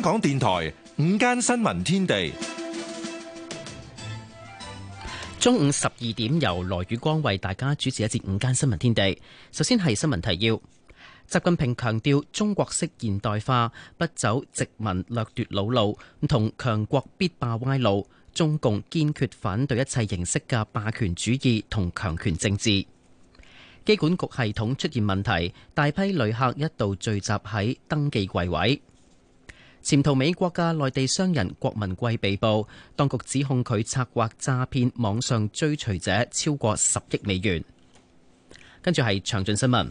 香港電台午間新聞天地，中午十二點由羅宇光為大家主持一節午間新聞天地。首先係新聞提要：習近平強調中國式現代化不走殖民掠奪老路，唔同強國必霸歪路。中共堅決反對一切形式嘅霸權主義同強權政治。機管局系統出現問題，大批旅客一度聚集喺登記櫃位。潛逃美國嘅內地商人郭文貴被捕，當局指控佢策劃詐騙網上追隨者超過十億美元。跟住係詳盡新聞。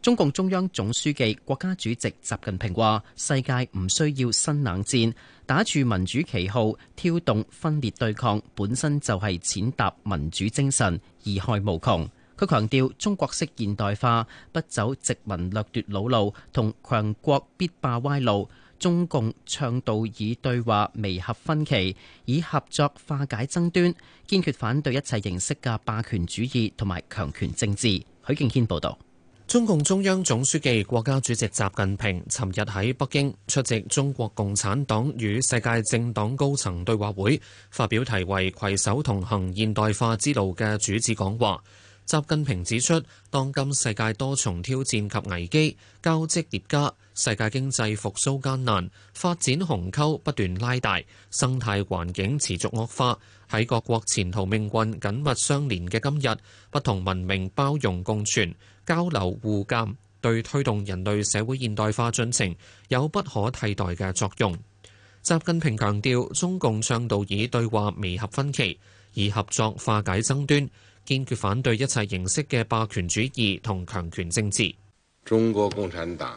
中共中央總書記、國家主席習近平話：世界唔需要新冷戰，打住民主旗號，挑動分裂對抗，本身就係踐踏民主精神，貽害無窮。佢強調，中國式現代化不走殖民掠奪老路，同強國必霸歪路。中共倡導以對話彌合分歧，以合作化解爭端，堅決反對一切形式嘅霸權主義同埋強權政治。許敬軒報道。中共中央總書記、國家主席習近平尋日喺北京出席中國共產黨與世界政黨高層對話會發表題為《携手同行現代化之路》嘅主旨講話，習近平指出，當今世界多重挑戰及危機交織疊加。世界經濟復蘇艱難，發展鴻溝不斷拉大，生態環境持續惡化。喺各國前途命運緊密相連嘅今日，不同文明包容共存、交流互鑒，對推動人類社會現代化進程有不可替代嘅作用。習近平強調，中共倡導以對話彌合分歧，以合作化解爭端，堅決反對一切形式嘅霸權主義同強權政治。中國共產黨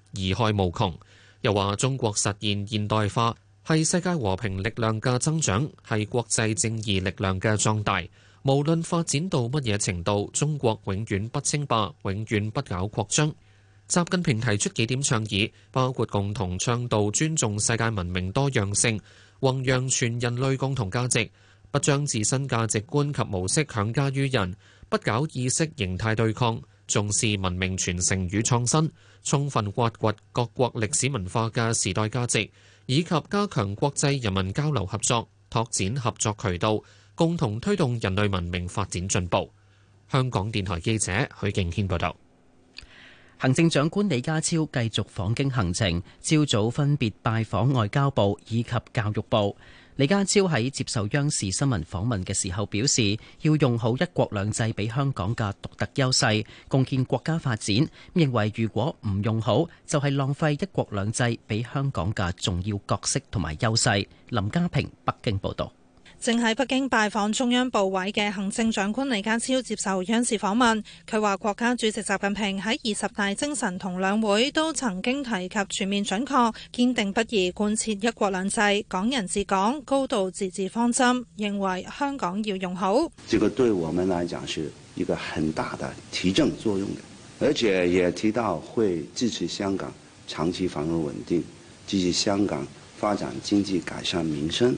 貽害無窮。又話中國實現現代化係世界和平力量嘅增長，係國際正義力量嘅壯大。無論發展到乜嘢程度，中國永遠不稱霸，永遠不搞擴張。習近平提出幾點倡議，包括共同倡導尊重世界文明多樣性，弘揚全人類共同價值，不將自身價值觀及模式強加於人，不搞意識形態對抗，重視文明傳承與創新，充分挖掘各國歷史文化嘅時代價值，以及加強國際人民交流合作，拓展合作渠道，共同推動人類文明發展進步。香港電台記者許敬軒報道。行政長官李家超繼續訪京行程，朝早分別拜訪外交部以及教育部。李家超喺接受央視新聞訪問嘅時候表示，要用好一國兩制俾香港嘅獨特優勢，共建國家發展。認為如果唔用好，就係浪費一國兩制俾香港嘅重要角色同埋優勢。林家平北京報道。正喺北京拜訪中央部委嘅行政長官李家超接受央視訪問，佢話：國家主席習近平喺二十大精神同兩會都曾經提及全面準確堅定不移貫徹一國兩制、港人治港、高度自治方針，認為香港要用好。這個對我們來講是一個很大的提振作用嘅，而且也提到會支持香港長期繁榮穩定，支持香港發展經濟，改善民生。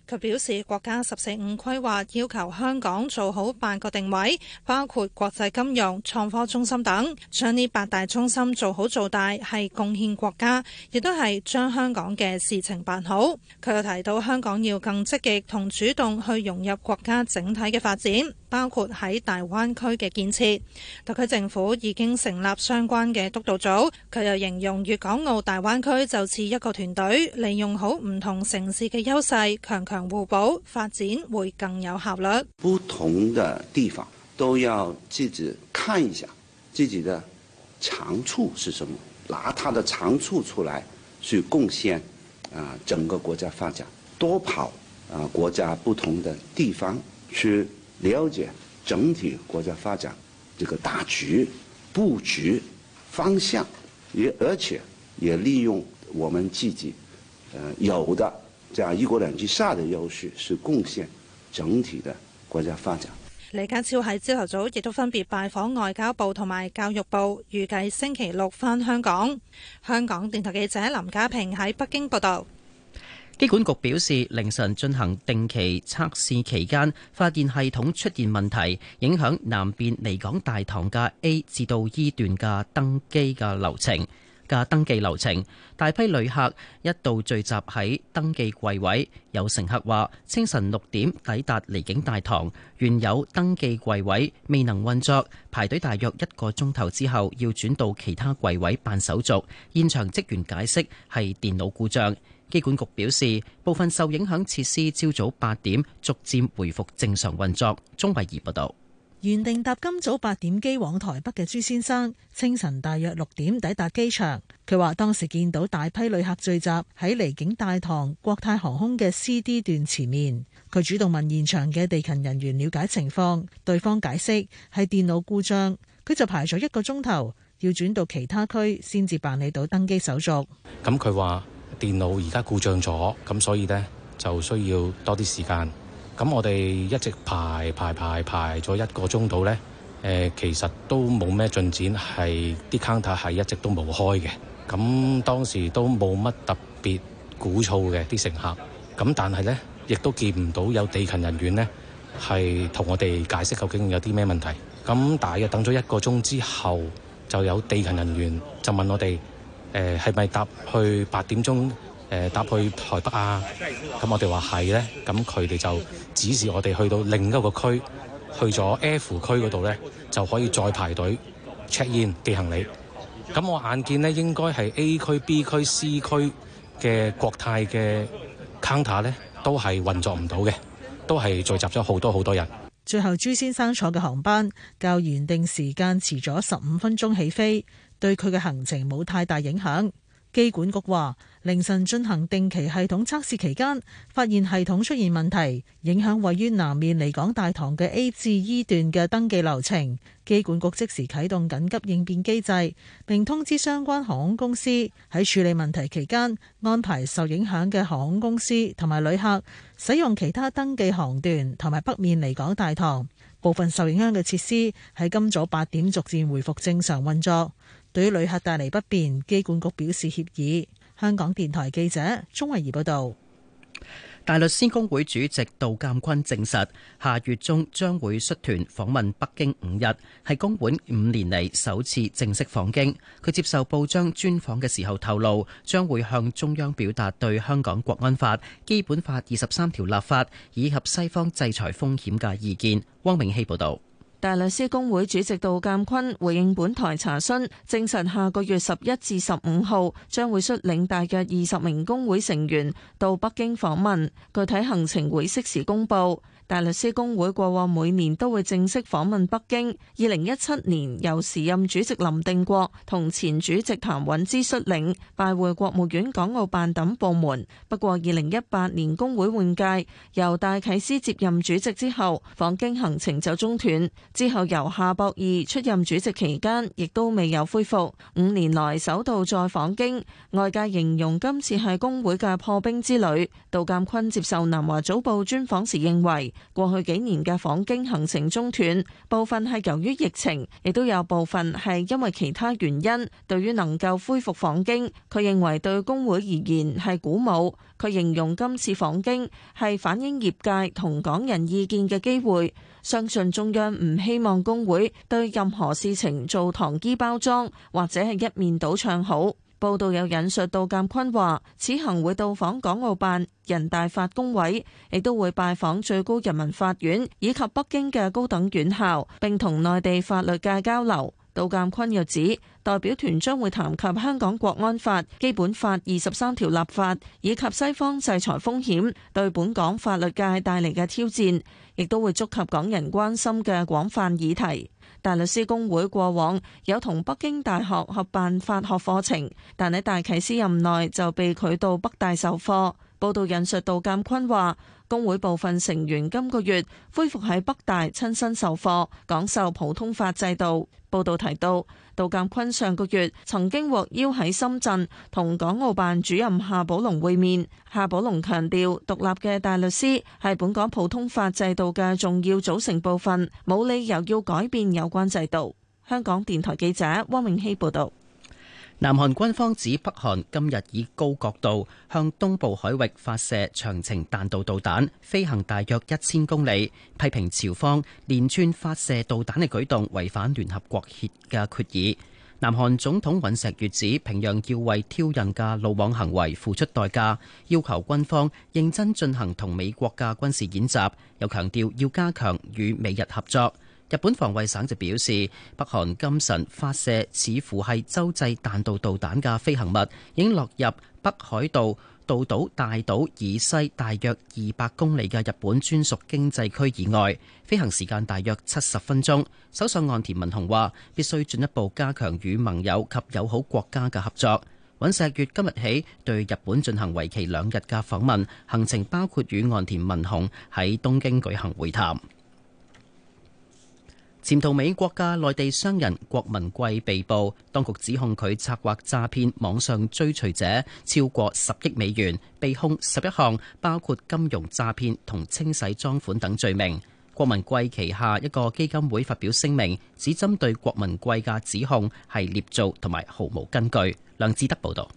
佢表示，國家十四五規劃要求香港做好八個定位，包括國際金融、創科中心等，將呢八大中心做好做大，係貢獻國家，亦都係將香港嘅事情辦好。佢又提到，香港要更積極同主動去融入國家整體嘅發展，包括喺大灣區嘅建設。特區政府已經成立相關嘅督導組，佢又形容粵港澳大灣區就似一個團隊，利用好唔同城市嘅優勢，強強強強互補發展會更有效率。不同的地方都要自己看一下自己的長處是什麼，拿他的長處出來去貢獻啊整個國家發展。多跑啊國家不同的地方去了解整體國家發展這個大局布局方向，也而且也利用我們自己呃有的。在一國兩制下的優勢是貢獻整體的國家發展。李家超喺朝頭早亦都分別拜訪外交部同埋教育部，預計星期六返香港。香港電台記者林家平喺北京報道。機管局表示，凌晨進行定期測試期間，發電系統出現問題，影響南邊離港大堂嘅 A 至到 E 段嘅登機嘅流程。嘅登記流程，大批旅客一度聚集喺登記櫃位，有乘客話：清晨六點抵達離境大堂，原有登記櫃位未能運作，排隊大約一個鐘頭之後，要轉到其他櫃位辦手續。現場職員解釋係電腦故障。機管局表示，部分受影響設施朝早八點逐漸回復正常運作。鐘慧儀報道。原定搭今早八點機往台北嘅朱先生，清晨大約六點抵達機場。佢話當時見到大批旅客聚集喺離境大堂國泰航空嘅 CD 段前面。佢主動問現場嘅地勤人員了解情況，對方解釋係電腦故障。佢就排咗一個鐘頭，要轉到其他區先至辦理到登機手續。咁佢話電腦而家故障咗，咁所以呢，就需要多啲時間。咁我哋一直排排排排咗一個鐘度咧，誒、呃、其實都冇咩進展，係啲 counter 係一直都冇開嘅。咁當時都冇乜特別鼓噪嘅啲乘客。咁但係咧，亦都見唔到有地勤人員咧係同我哋解釋究竟有啲咩問題，咁大約等咗一個鐘之後，就有地勤人員就問我哋：誒係咪搭去八點鐘？誒搭去台北啊，咁我哋話係呢。咁佢哋就指示我哋去到另一個區，去咗 F 區嗰度呢，就可以再排隊 check in 寄行李。咁我眼見呢應該係 A 區、B 區、C 區嘅國泰嘅 counter 呢，都係運作唔到嘅，都係聚集咗好多好多人。最後，朱先生坐嘅航班較原定時間遲咗十五分鐘起飛，對佢嘅行程冇太大影響。機管局話，凌晨進行定期系統測試期間，發現系統出現問題，影響位於南面離港大堂嘅 A 至 E 段嘅登記流程。機管局即時啟動緊急應變機制，並通知相關航空公司喺處理問題期間，安排受影響嘅航空公司同埋旅客使用其他登記航段同埋北面離港大堂。部分受影響嘅設施喺今早八點逐漸回復正常運作。對於旅客帶嚟不便，機管局表示歉意。香港電台記者鍾慧儀報道。大律師公會主席杜淦坤證實，下月中將會率團訪問北京五日，係公會五年嚟首次正式訪京。佢接受報章專訪嘅時候透露，將會向中央表達對香港國安法、基本法二十三條立法以及西方制裁風險嘅意見。汪明希報道。大律師公會主席杜鑑坤回應本台查詢，證實下個月十一至十五號將會率領大約二十名公會成員到北京訪問，具體行程會適時公佈。大律師公會過往每年都會正式訪問北京。二零一七年由時任主席林定國同前主席譚允芝率領拜會國務院港澳辦等部門。不過，二零一八年公會換屆，由戴啟思接任主席之後，訪京行程就中斷。之後由夏博義出任主席期間，亦都未有恢復。五年來首度再訪京，外界形容今次係公會嘅破冰之旅。杜鑑坤接受南華早報專訪時認為。過去幾年嘅訪京行程中斷，部分係由於疫情，亦都有部分係因為其他原因。對於能夠恢復訪京，佢認為對工會而言係鼓舞。佢形容今次訪京係反映業界同港人意見嘅機會，相信中央唔希望工會對任何事情做糖衣包裝，或者係一面倒唱好。報道有引述杜鑑坤話：此行會到訪港澳辦、人大法工委，亦都會拜訪最高人民法院以及北京嘅高等院校，並同內地法律界交流。杜鑑坤又指，代表團將會談及香港國安法、基本法二十三條立法以及西方制裁風險對本港法律界帶嚟嘅挑戰，亦都會觸及港人關心嘅廣泛議題。大律師工會過往有同北京大學合辦法學課程，但喺大啟司任內就被拒到北大授課。報道引述杜鑑坤話。公會部分成員今個月恢復喺北大親身授課，講授普通法制度。報道提到，杜鑒坤上個月曾經獲邀喺深圳同港澳辦主任夏寶龍會面。夏寶龍強調，獨立嘅大律師係本港普通法制度嘅重要組成部分，冇理由要改變有關制度。香港電台記者汪永熙報道。南韓軍方指北韓今日以高角度向東部海域發射長程彈道導彈，飛行大約一千公里，批評朝方連串發射導彈嘅舉動違反聯合國協議嘅決議。南韓總統尹錫悅指平壤要為挑釁嘅魯莽行為付出代價，要求軍方認真進行同美國嘅軍事演習，又強調要加強與美日合作。日本防衛省就表示，北韓今晨發射似乎係洲際彈道導彈嘅飛行物，已經落入北海道道島大島以西大約二百公里嘅日本專屬經濟區以外。飛行時間大約七十分鐘。首相岸田文雄話，必須進一步加強與盟友及友好國家嘅合作。尹錫悅今日起對日本進行為期兩日嘅訪問，行程包括與岸田文雄喺東京舉行會談。潛逃美國嘅內地商人郭文貴被捕，當局指控佢策劃詐騙網上追隨者超過十億美元，被控十一項，包括金融詐騙同清洗贓款等罪名。郭文貴旗下一個基金會發表聲明，指針對郭文貴嘅指控係捏造同埋毫無根據。梁志德報道，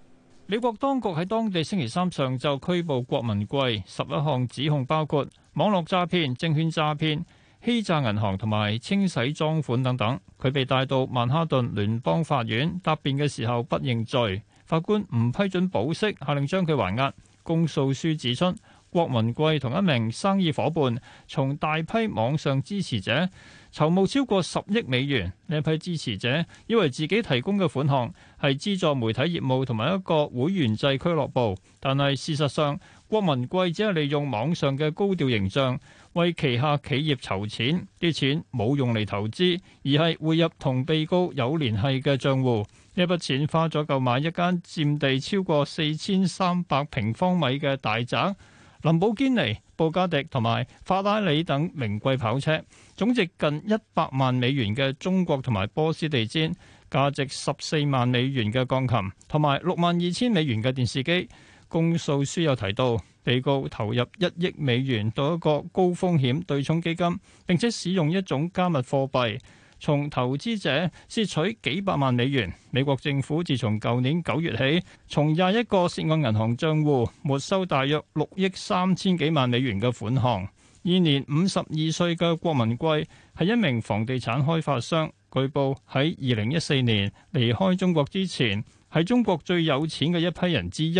美國當局喺當地星期三上晝拘捕郭文貴，十一項指控包括網絡詐騙、證券詐騙。欺詐銀行同埋清洗贓款等等，佢被帶到曼哈頓聯邦法院答辯嘅時候不認罪，法官唔批准保釋，下令將佢還押。公訴書指出，郭文貴同一名生意伙伴從大批網上支持者籌募超過十億美元，呢批支持者以為自己提供嘅款項係資助媒體業務同埋一個會員制俱樂部，但係事實上郭文貴只係利用網上嘅高調形象。為旗下企業籌錢，啲錢冇用嚟投資，而係匯入同被告有聯繫嘅賬戶。呢筆錢花咗購買一間佔地超過四千三百平方米嘅大宅，林寶堅尼、布加迪同埋法拉利等名貴跑車，總值近一百萬美元嘅中國同埋波斯地毯，價值十四萬美元嘅鋼琴同埋六萬二千美元嘅電視機。公訴書有提到。被告投入一億美元到一個高風險對沖基金，並且使用一種加密貨幣，從投資者竊取幾百萬美元。美國政府自從舊年九月起，從廿一個涉案銀行賬戶沒收大約六億三千幾萬美元嘅款項，現年五十二歲嘅郭文貴係一名房地產開發商，據報喺二零一四年離開中國之前，係中國最有錢嘅一批人之一。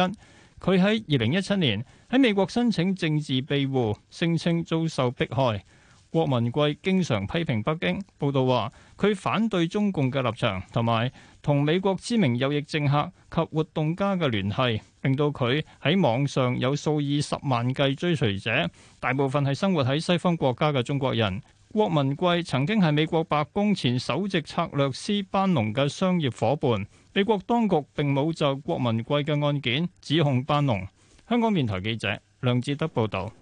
佢喺二零一七年。喺美國申請政治庇護，聲稱遭受迫害。郭文貴經常批評北京，報道話，佢反對中共嘅立場，同埋同美國知名右翼政客及活動家嘅聯繫，令到佢喺網上有數以十萬計追隨者，大部分係生活喺西方國家嘅中國人。郭文貴曾經係美國白宮前首席策略師班農嘅商業伙伴，美國當局並冇就郭文貴嘅案件指控班農。香港電台記者梁志德報道，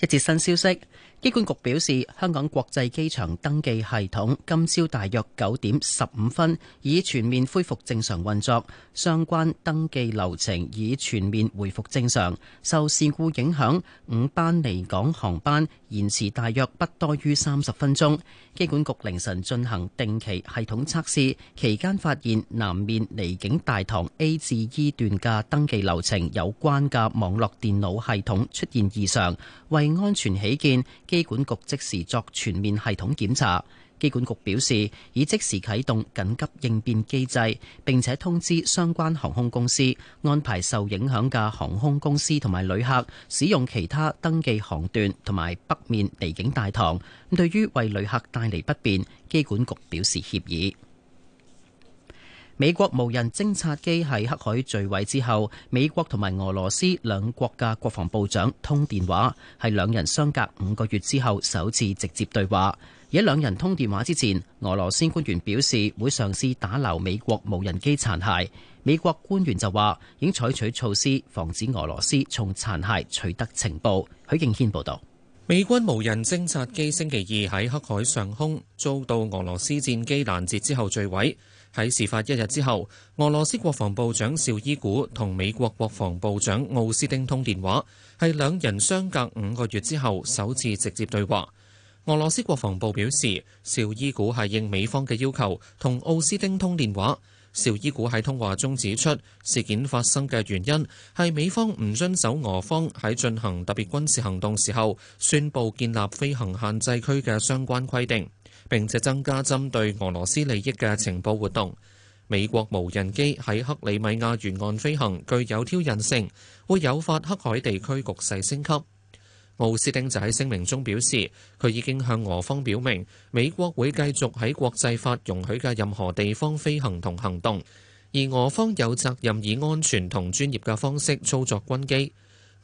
一節新消息。機管局表示，香港國際機場登記系統今朝大約九點十五分已全面恢復正常運作，相關登記流程已全面回復正常。受事故影響，五班離港航班延遲大約不多於三十分鐘。機管局凌晨進行定期系統測試期間，發現南面離境大堂 A 至 E 段嘅登記流程有關嘅網絡電腦系統出現異常，為安全起見，機管局即時作全面系統檢查。機管局表示，已即時啟動緊急應變機制，並且通知相關航空公司安排受影響嘅航空公司同埋旅客使用其他登記航段同埋北面離境大堂。咁對於為旅客帶嚟不便，機管局表示歉意。美國無人偵察機喺黑海墜毀之後，美國同埋俄羅斯兩國嘅國防部長通電話，係兩人相隔五個月之後首次直接對話。而喺兩人通電話之前，俄羅斯官員表示會嘗試打撈美國無人機殘骸，美國官員就話已經採取措施防止俄羅斯從殘骸取得情報。許敬軒報導。美軍無人偵察機星期二喺黑海上空遭到俄羅斯戰機攔截之後墜毀。喺事發一日之後，俄羅斯國防部長紹伊古同美國國防部長奧斯汀通電話，係兩人相隔五個月之後首次直接對話。俄羅斯國防部表示，紹伊古係應美方嘅要求同奧斯汀通電話。邵伊古喺通話中指出，事件發生嘅原因係美方唔遵守俄方喺進行特別軍事行動時候宣布建立飛行限制區嘅相關規定，並且增加針對俄羅斯利益嘅情報活動，美國無人機喺克里米亞沿岸飛行具有挑釁性，會誘發黑海地區局勢升級。奧斯汀就喺聲明中表示，佢已經向俄方表明，美國會繼續喺國際法容許嘅任何地方飛行同行動，而俄方有責任以安全同專業嘅方式操作軍機。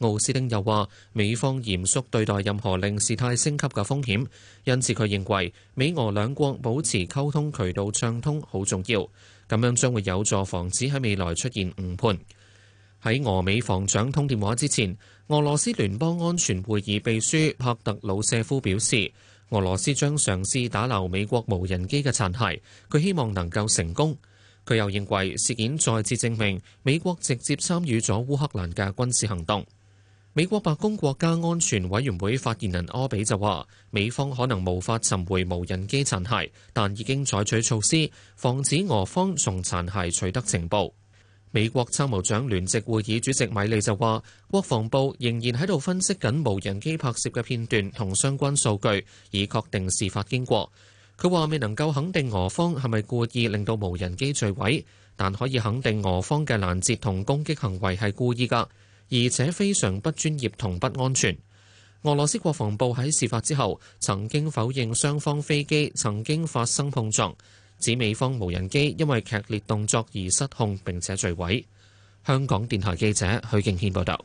奧斯汀又話，美方嚴肅對待任何令事態升級嘅風險，因此佢認為美俄兩國保持溝通渠道暢通好重要，咁樣將會有助防止喺未來出現誤判。喺俄美防長通電話之前，俄羅斯聯邦安全會議秘書帕特魯舍夫表示，俄羅斯將嘗試打撈美國無人機嘅殘骸，佢希望能夠成功。佢又認為事件再次證明美國直接參與咗烏克蘭嘅軍事行動。美國白宮國家安全委員會發言人柯比就話，美方可能無法尋回無人機殘骸，但已經採取措施防止俄方從殘骸取得情報。美國參謀長聯席會議主席米利就話：國防部仍然喺度分析緊無人機拍攝嘅片段同相關數據，以確定事發經過。佢話未能夠肯定俄方係咪故意令到無人機墜毀，但可以肯定俄方嘅攔截同攻擊行為係故意㗎，而且非常不專業同不安全。俄羅斯國防部喺事發之後曾經否認雙方飛機曾經發生碰撞。指美方無人機因為劇烈動作而失控，並且墜毀。香港電台記者許敬軒報道。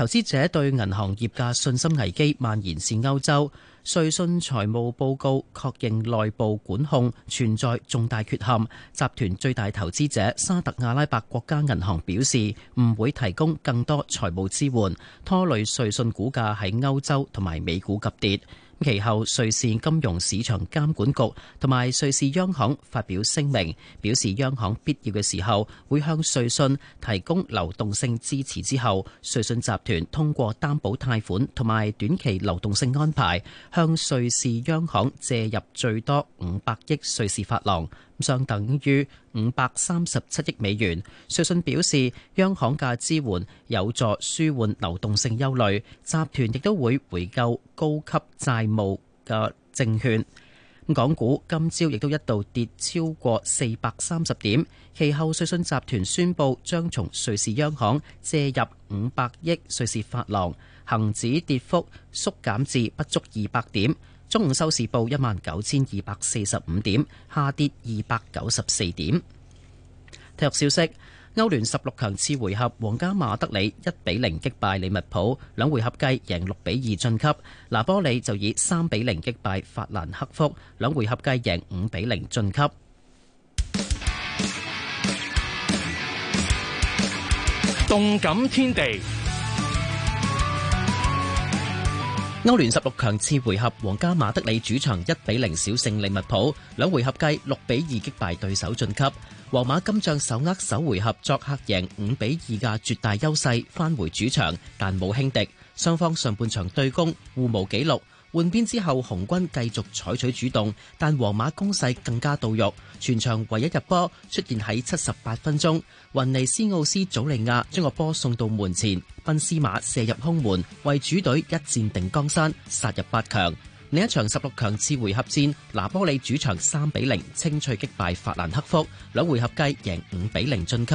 投資者對銀行業嘅信心危機蔓延至歐洲。瑞信財務報告確認內部管控存在重大缺陷。集團最大投資者沙特阿拉伯國家銀行表示，唔會提供更多財務支援，拖累瑞信股價喺歐洲同埋美股急跌。其後，瑞士金融市場監管局同埋瑞士央行發表聲明，表示央行必要嘅時候會向瑞信提供流動性支持。之後，瑞信集團通過擔保貸款同埋短期流動性安排，向瑞士央行借入最多五百億瑞士法郎。相等於五百三十七億美元。瑞信表示，央行嘅支援有助舒緩流動性憂慮，集團亦都會回購高級債務嘅證券。港股今朝亦都一度跌超過四百三十點，其後瑞信集團宣布將從瑞士央行借入五百億瑞士法郎，恒指跌幅縮減至不足二百點。中午收市報一萬九千二百四十五點，下跌二百九十四點。體育消息：歐聯十六強次回合，皇家馬德里一比零擊敗利物浦，兩回合計贏六比二晉級。拿波里就以三比零擊敗法蘭克福，兩回合計贏五比零晉級。動感天地。歐聯十六強次回合，皇家馬德里主場一比零小勝利物浦，兩回合計六比二擊敗對手晉級。皇馬今仗手握首回合作客贏五比二嘅絕大優勢，返回主場，但冇輕敵，雙方上半場對攻互無紀錄。換邊之後，紅軍繼續採取主動，但皇馬攻勢更加到肉。全場唯一入波出現喺七十八分鐘，雲尼斯奧斯祖利亞將個波送到門前，賓斯馬射入空門，為主隊一戰定江山，殺入八強。另一場十六強次回合戰，拿波里主場三比零清脆擊敗法蘭克福，兩回合計贏五比零晉級。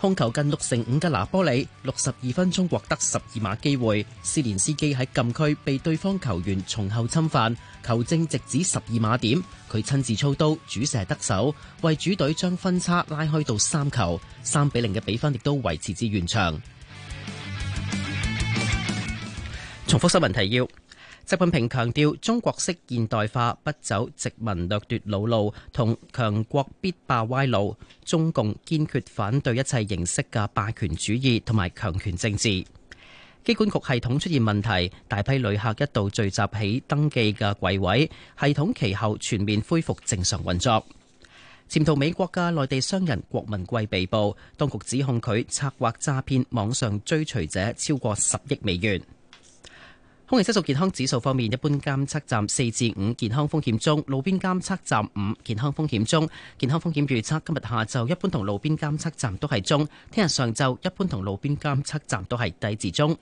控球近六成五嘅拿波里，六十二分鐘獲得十二碼機會，斯連斯基喺禁區被對方球員從後侵犯，球證直指十二碼點，佢親自操刀主射得手，為主隊將分差拉開到三球，三比零嘅比分亦都維持至完場。重複新聞提要。習近平強調，中國式現代化不走殖民掠奪老路，同強國必霸歪路。中共堅決反對一切形式嘅霸權主義同埋強權政治。機管局系統出現問題，大批旅客一度聚集喺登記嘅櫃位，系統其後全面恢復正常運作。潛逃美國嘅內地商人郭文貴被捕，當局指控佢策劃詐騙網上追隨者超過十億美元。空氣質素健康指數方面，一般監測站四至五健康風險中，路邊監測站五健康風險中。健康風險預測，今日下晝一般同路邊監測站都係中，聽日上晝一般同路邊監測站都係低至中。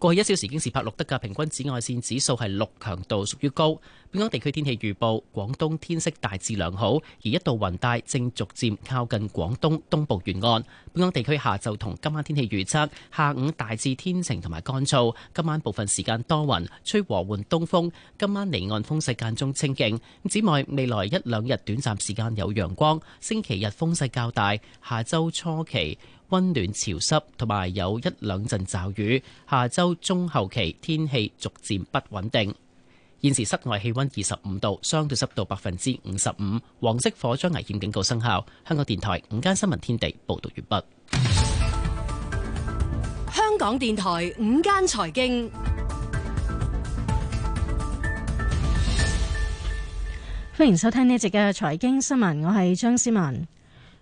過去一小時京士柏錄得嘅平均紫外線指數係六，強度屬於高。本港地區天氣預報，廣東天色大致良好，而一道雲帶正逐漸靠近廣東東部沿岸。本港地區下晝同今晚天氣預測，下午大致天晴同埋乾燥，今晚部分時間多雲，吹和緩東風，今晚離岸風勢間中清勁。展望，未來一兩日短暫時間有陽光，星期日風勢較大，下周初期，溫暖潮濕，同埋有，有一兩陣驟雨。下周中後期天氣逐漸不穩定。現時室外氣溫二十五度，相對濕度百分之五十五。黃色火災危險警告生效。香港電台午間新聞天地報道完畢。香港電台午間財經，歡迎收聽呢一節嘅財經新聞，我係張思文。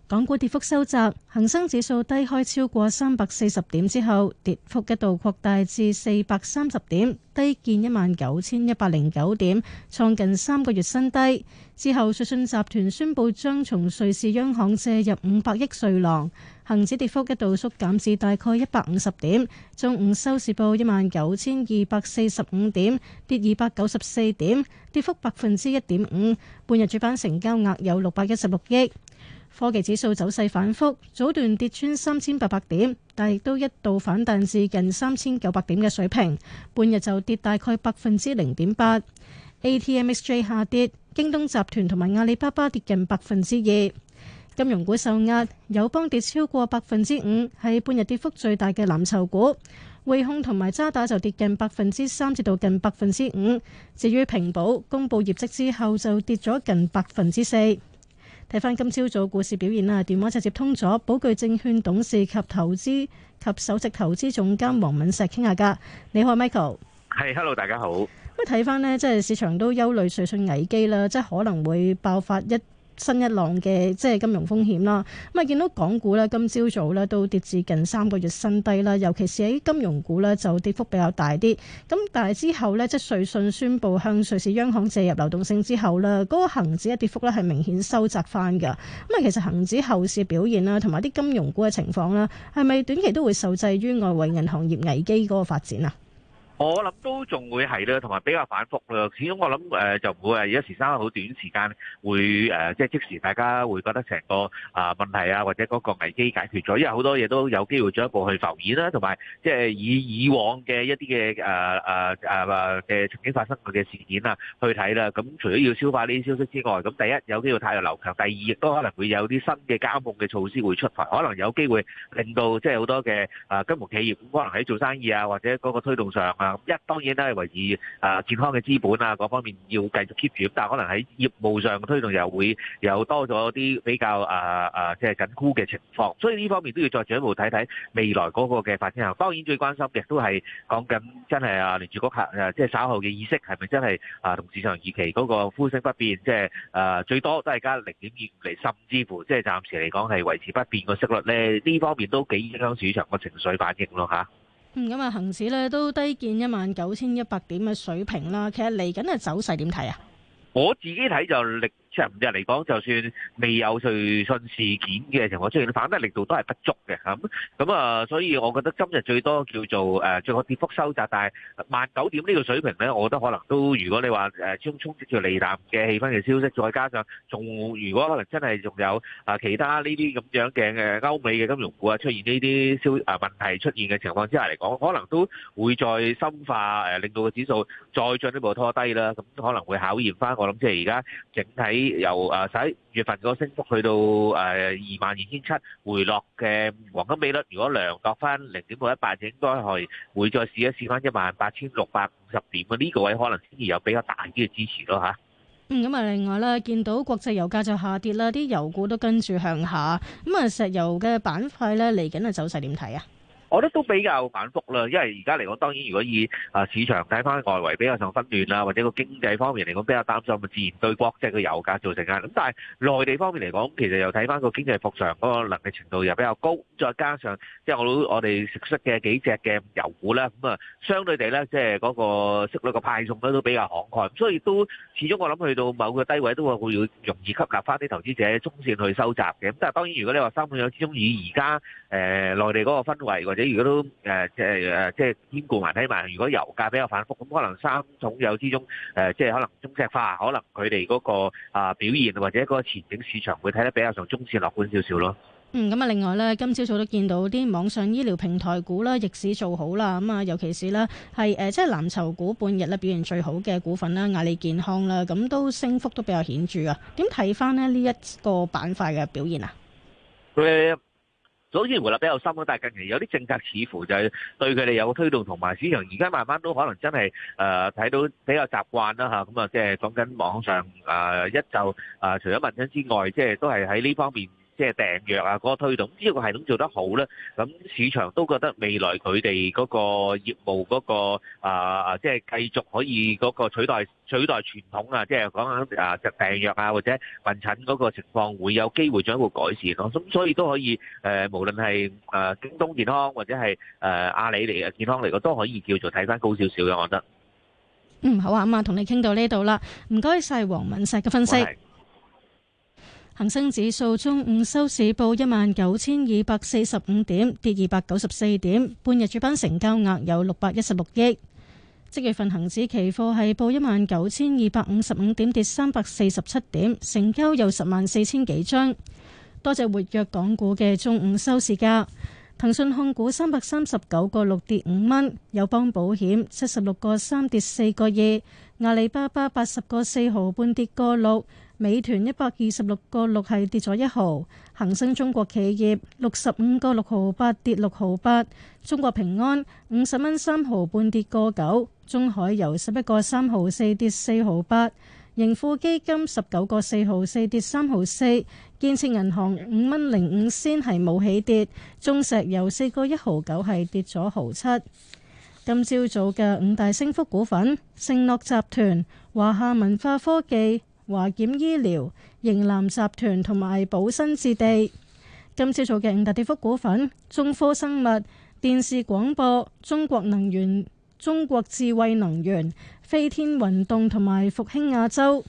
港股跌幅收窄，恒生指數低開超過三百四十點之後，跌幅一度擴大至四百三十點，低見一萬九千一百零九點，創近三個月新低。之後，瑞信集團宣布將從瑞士央行借入五百億瑞郎，恒指跌幅一度縮減至大概一百五十點。中午收市報一萬九千二百四十五點，跌二百九十四點，跌幅百分之一點五。半日主板成交額有六百一十六億。科技指數走勢反覆，早段跌穿三千八百點，但亦都一度反彈至近三千九百點嘅水平。半日就跌大概百分之零點八。A T M X J 下跌，京東集團同埋阿里巴巴跌近百分之二。金融股受壓，友邦跌超過百分之五，係半日跌幅最大嘅藍籌股。匯控同埋渣打就跌近百分之三至到近百分之五。至於平保公布業績之後，就跌咗近百分之四。睇翻今朝早股市表現啦，電話直接通咗寶具證券董事及投資及首席投資總監黃敏碩傾下偈。你好，Michael。係，hello，大家好。咁睇翻呢，即係市場都憂慮瑞信危機啦，即係可能會爆發一。新一浪嘅即係金融風險啦，咁啊見到港股咧，今朝早咧都跌至近三個月新低啦。尤其是喺金融股呢就跌幅比較大啲。咁但係之後呢，即係瑞信宣布向瑞士央行借入流動性之後呢，嗰個恆指嘅跌幅呢係明顯收窄翻㗎。咁啊，其實恒指後市表現啦，同埋啲金融股嘅情況啦，係咪短期都會受制於外圍銀行業危機嗰個發展啊？我諗都仲會係啦，同埋比較反覆啦。始終我諗誒、呃、就唔會係一時生好短時間會誒、呃，即係即,即時大家會覺得成個啊問題啊或者嗰個危機解決咗，因為好多嘢都有機會進一步去浮現啦。同埋即係以以往嘅一啲嘅誒誒誒嘅曾經發生過嘅事件啊去睇啦。咁除咗要消化呢啲消息之外，咁第一有機會太陽流強，第二亦都可能會有啲新嘅監控嘅措施會出台，可能有機會令到即係好多嘅啊金融企業可能喺做生意啊或者嗰個推動上啊。一當然都係維持啊健康嘅資本啊各方面要繼續 keep 住，但係可能喺業務上嘅推動又會有多咗啲比較、呃、啊啊即係緊箍嘅情況，所以呢方面都要再進一步睇睇未來嗰個嘅發展後。當然最關心嘅都係講緊真係啊聯儲局客啊即係稍後嘅意識係咪真係啊同市場預期嗰個呼聲不變，即係啊最多都係加零點二五釐，甚至乎即係暫時嚟講係維持不變個息率咧。呢方面都幾影響市場個情緒反應咯嚇。啊咁啊，恆指咧都低見一萬九千一百點嘅水平啦。其實嚟緊嘅走勢點睇啊？我自己睇就力。即係今日嚟講，就算未有瑞信事件嘅情況出現，反彈力度都係不足嘅。咁咁啊，所以我覺得今日最多叫做誒，最後跌幅收窄，但係萬九點呢個水平咧，我覺得可能都如果你話誒，衝，衝擊住利淡嘅氣氛嘅消息，再加上仲如果可能真係仲有啊其他呢啲咁樣嘅誒歐美嘅金融股啊出現呢啲消啊問題出現嘅情況之下嚟講，可能都會再深化誒，令到個指數再進一步拖低啦。咁可能會考驗翻我諗，即係而家整體，由啊十一月份個升幅去到誒二萬二千七回落嘅黃金比率，如果量度翻零點六一八，應該係會再試一試翻一萬八千六百五十點嘅呢、這個位，可能先至有比較大啲嘅支持咯吓嗯，咁啊，另外咧，見到國際油價就下跌啦，啲油股都跟住向下。咁啊，石油嘅板塊咧，嚟緊嘅走勢點睇啊？我覺得都比較反覆啦，因為而家嚟講，當然如果以啊市場睇翻外圍比較上分亂啊，或者個經濟方面嚟講比較擔心，自然對國際嘅油價造成啊。咁但係內地方面嚟講，其實又睇翻個經濟復常嗰個能力程度又比較高，再加上即係我我哋食息嘅幾隻嘅油股啦，咁啊相對地咧，即係嗰個息率嘅派送咧都比較慷慨，所以都始終我諗去到某個低位都會會容易吸納翻啲投資者中線去收集嘅。咁但係當然如果你話收友始終以而家誒內地嗰個氛圍。你如果都誒即係誒即係兼顧埋睇埋，如果油價比較反覆，咁可能三桶油之中誒，即係可能中石化，可能佢哋嗰個啊表現或者嗰個前景市場會睇得比較上中線樂觀少少咯。嗯，咁啊，另外咧，今朝早都見到啲網上醫療平台股啦，逆市做好啦，咁啊，尤其是咧係誒，即係藍籌股半日咧表現最好嘅股份啦，阿里健康啦，咁都升幅都比較顯著啊。點睇翻咧呢一個板塊嘅表現啊？好似回流比較深咯，但係近期有啲政策似乎就係對佢哋有個推動同埋市場，而家慢慢都可能真係誒睇到比較習慣啦吓，咁啊即係講緊網上誒、啊、一就誒、啊、除咗民生之外，即、就、係、是、都係喺呢方面。即係訂藥啊，嗰個推動，呢個系統做得好咧，咁市場都覺得未來佢哋嗰個業務嗰個啊啊，即係繼續可以嗰個取代取代傳統啊，即係講緊啊訂藥啊或者問診嗰個情況，會有機會進一步改善咯。咁所以都可以誒，無論係誒京東健康或者係誒阿里嚟嘅健康嚟講，都可以叫做睇翻高少少嘅，我覺得。嗯，好啊，咁啊，同你傾到呢度啦，唔該曬黃敏石嘅分析。恒生指數中午收市報一萬九千二百四十五點，跌二百九十四點。半日主板成交額有六百一十六億。即月份恒指期貨係報一萬九千二百五十五點，跌三百四十七點，成交有十萬四千幾張。多隻活躍港股嘅中午收市價：騰訊控股三百三十九個六跌五蚊，友邦保險七十六個三跌四個二，阿里巴巴八十個四毫半跌個六。美團一百二十六個六係跌咗一毫，恒生中國企業六十五個六毫八跌六毫八，中國平安五十蚊三毫半跌個九，中海油十一個三毫四跌四毫八，盈富基金十九個四毫四跌三毫四，建設銀行五蚊零五先係冇起跌，中石油四個一毫九係跌咗毫七。今朝早嘅五大升幅股份：聖諾集團、華夏文化科技。華檢醫療、營南集團同埋寶新置地。今朝早嘅五大跌幅股份：中科生物、電視廣播、中國能源、中國智慧能源、飛天運動同埋復興亞洲。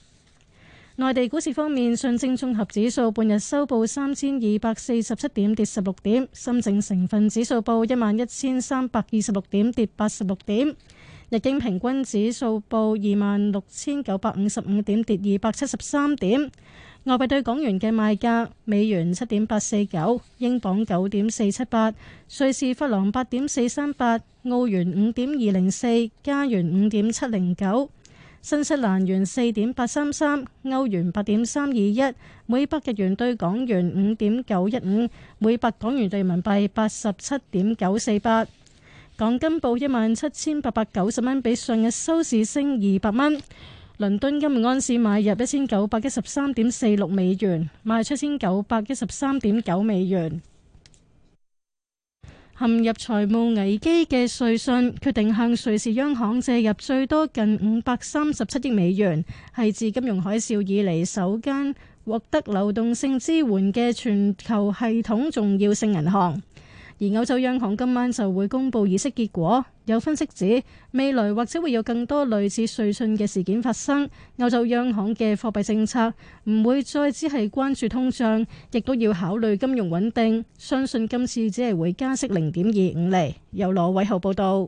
內地股市方面，上證綜合指數半日收報三千二百四十七點，跌十六點；深證成分指數報一萬一千三百二十六點，跌八十六點。日經平均指數報二萬六千九百五十五點，跌二百七十三點。外幣對港元嘅賣價：美元七點八四九，英鎊九點四七八，瑞士法郎八點四三八，澳元五點二零四，加元五點七零九，新西蘭元四點八三三，歐元八點三二一，每百日元對港元五點九一五，每百港元對人民幣八十七點九四八。港金報一萬七千八百九十蚊，比上日收市升二百蚊。倫敦金按市買入一千九百一十三點四六美元，賣出一千九百一十三點九美元。陷入財務危機嘅瑞信決定向瑞士央行借入最多近五百三十七億美元，係自金融海嘯以嚟首間獲得流動性支援嘅全球系統重要性銀行。而歐洲央行今晚就會公佈議息結果，有分析指未來或者會有更多類似瑞信嘅事件發生。歐洲央行嘅貨幣政策唔會再只係關注通脹，亦都要考慮金融穩定。相信今次只係會加息零點二五厘。由羅偉豪報道。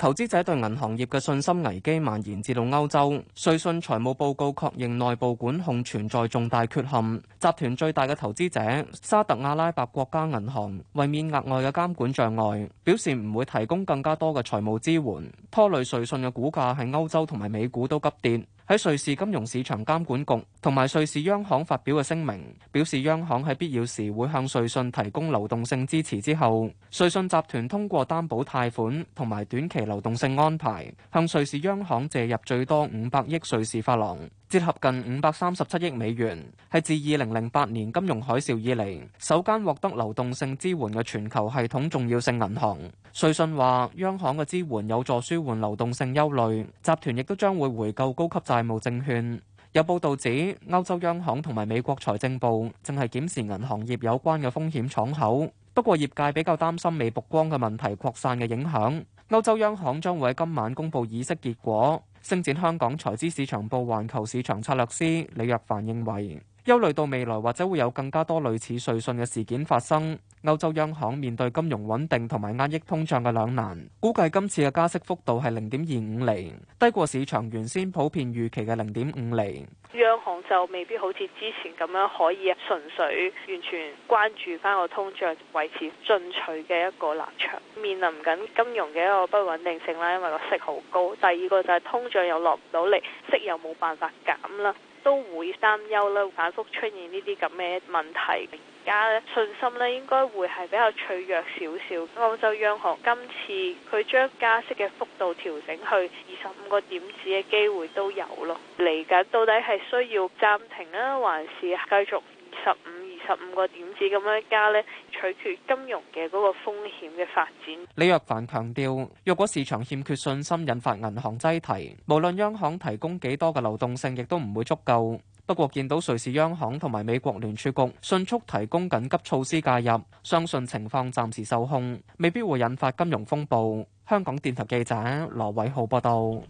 投資者對銀行業嘅信心危機蔓延至到歐洲。瑞信財務報告確認內部管控存在重大缺陷。集團最大嘅投資者沙特阿拉伯國家銀行為免額外嘅監管障礙，表示唔會提供更加多嘅財務支援，拖累瑞信嘅股價喺歐洲同埋美股都急跌。喺瑞士金融市場監管局同埋瑞士央行發表嘅聲明，表示央行喺必要時會向瑞信提供流動性支持之後，瑞信集團通過擔保貸款同埋短期流動性安排，向瑞士央行借入最多五百億瑞士法郎。折合近五百三十七億美元，係自二零零八年金融海嘯以嚟首間獲得流動性支援嘅全球系統重要性銀行。瑞信話，央行嘅支援有助舒緩流動性憂慮，集團亦都將會回購高級債務證券。有報道指，歐洲央行同埋美國財政部正係檢視銀行業有關嘅風險敞口，不過業界比較擔心未曝光嘅問題擴散嘅影響，歐洲央行將會喺今晚公布議息結果。星展香港財資市場部環球市場策略師李若凡認為，憂慮到未來或者會有更加多類似瑞信嘅事件發生。歐洲央行面對金融穩定同埋壓抑通脹嘅兩難，估計今次嘅加息幅度係零點二五厘，低過市場原先普遍預期嘅零點五厘。央行就未必好似之前咁樣可以純粹完全關注翻個通脹維持進取嘅一個立場。面臨緊金融嘅一個不穩定性啦，因為個息好高。第二個就係通脹又落唔到嚟，息又冇辦法減啦。都會擔憂啦，反覆出現呢啲咁嘅問題，而家咧信心咧應該會係比較脆弱少少。澳洲央行今次佢將加息嘅幅度調整去二十五個點子嘅機會都有咯。嚟緊到底係需要暫停呀，還是繼續二十五？十五個點子咁樣加咧，取決金融嘅嗰個風險嘅發展。李若凡強調，若果市場欠缺信心，引發銀行擠提，無論央行提供幾多嘅流動性，亦都唔會足夠。不過見到瑞士央行同埋美國聯儲局迅速提供緊急措施介入，相信情況暫時受控，未必會引發金融風暴。香港電台記者羅偉浩報道。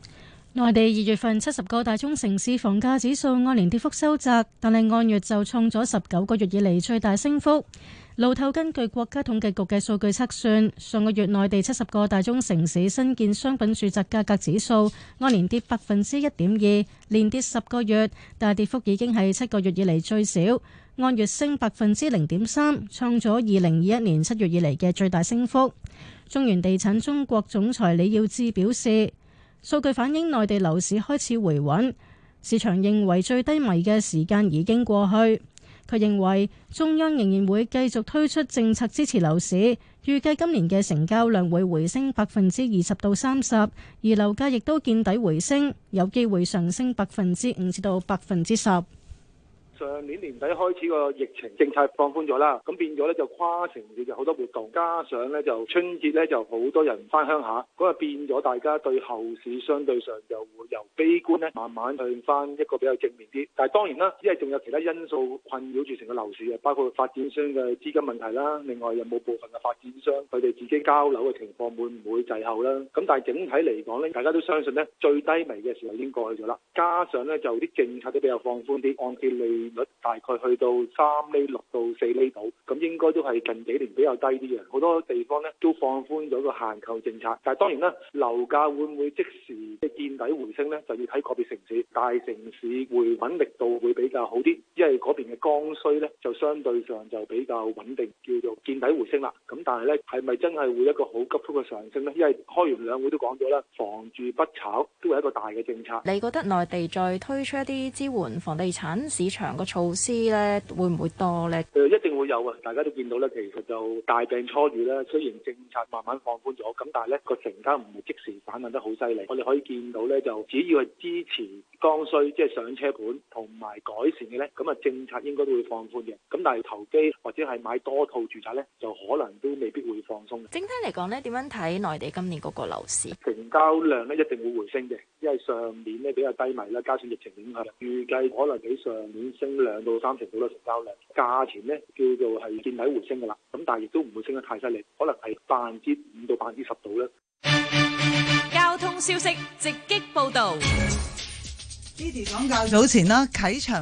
內地二月份七十個大中城市房價指數按年跌幅收窄，但係按月就創咗十九個月以嚟最大升幅。路透根據國家統計局嘅數據測算，上個月內地七十個大中城市新建商品住宅價格指數按年跌百分之一點二，連跌十個月，但係跌幅已經係七個月以嚟最少，按月升百分之零點三，創咗二零二一年七月以嚟嘅最大升幅。中原地產中國總裁李耀智表示。數據反映內地樓市開始回穩，市場認為最低迷嘅時間已經過去。佢認為中央仍然會繼續推出政策支持樓市，預計今年嘅成交量會回升百分之二十到三十，而樓價亦都見底回升，有機會上升百分之五至到百分之十。上年年底開始個疫情政策放寬咗啦，咁變咗咧，就跨城市嘅好多活動，加上咧就春節咧就好多人翻鄉下，咁啊變咗大家對後市相對上就會由悲觀咧，慢慢轉翻一個比較正面啲。但係當然啦，因為仲有其他因素困擾住成個樓市嘅，包括發展商嘅資金問題啦，另外有冇部分嘅發展商佢哋自己交樓嘅情況會唔會滯後啦？咁但係整體嚟講咧，大家都相信咧最低迷嘅時候已經過去咗啦，加上咧就啲政策都比較放寬啲，按揭利大概去到三厘六到四厘度，咁應該都係近幾年比較低啲嘅。好多地方呢都放寬咗個限購政策，但係當然啦，樓價會唔會即時即見底回升呢？就要睇個別城市。大城市回穩力度會比較好啲，因為嗰邊嘅剛需呢就相對上就比較穩定，叫做見底回升啦。咁但係呢，係咪真係會一個好急速嘅上升呢？因為開完兩會都講咗啦，房住不炒都係一個大嘅政策。你覺得內地再推出一啲支援房地產市場。個措施咧會唔會多咧？誒、呃，一定會有啊！大家都見到咧，其實就大病初愈啦。雖然政策慢慢放寬咗，咁但係咧個成交唔係即時反彈得好犀利。我哋可以見到咧，就只要係支持。剛需即係上車盤同埋改善嘅呢，咁啊政策應該都會放寬嘅。咁但係投機或者係買多套住宅呢，就可能都未必會放鬆。整體嚟講呢，點樣睇內地今年嗰個樓市？成交量呢？一定會回升嘅，因為上年呢比較低迷啦，加上疫情影響，預計可能比上年升兩到三成度啦成交量。價錢呢，叫做係見底回升㗎啦，咁但係亦都唔會升得太犀利，可能係百分之五到百分之十度啦。交通消息直擊報導。早前呢，啟程。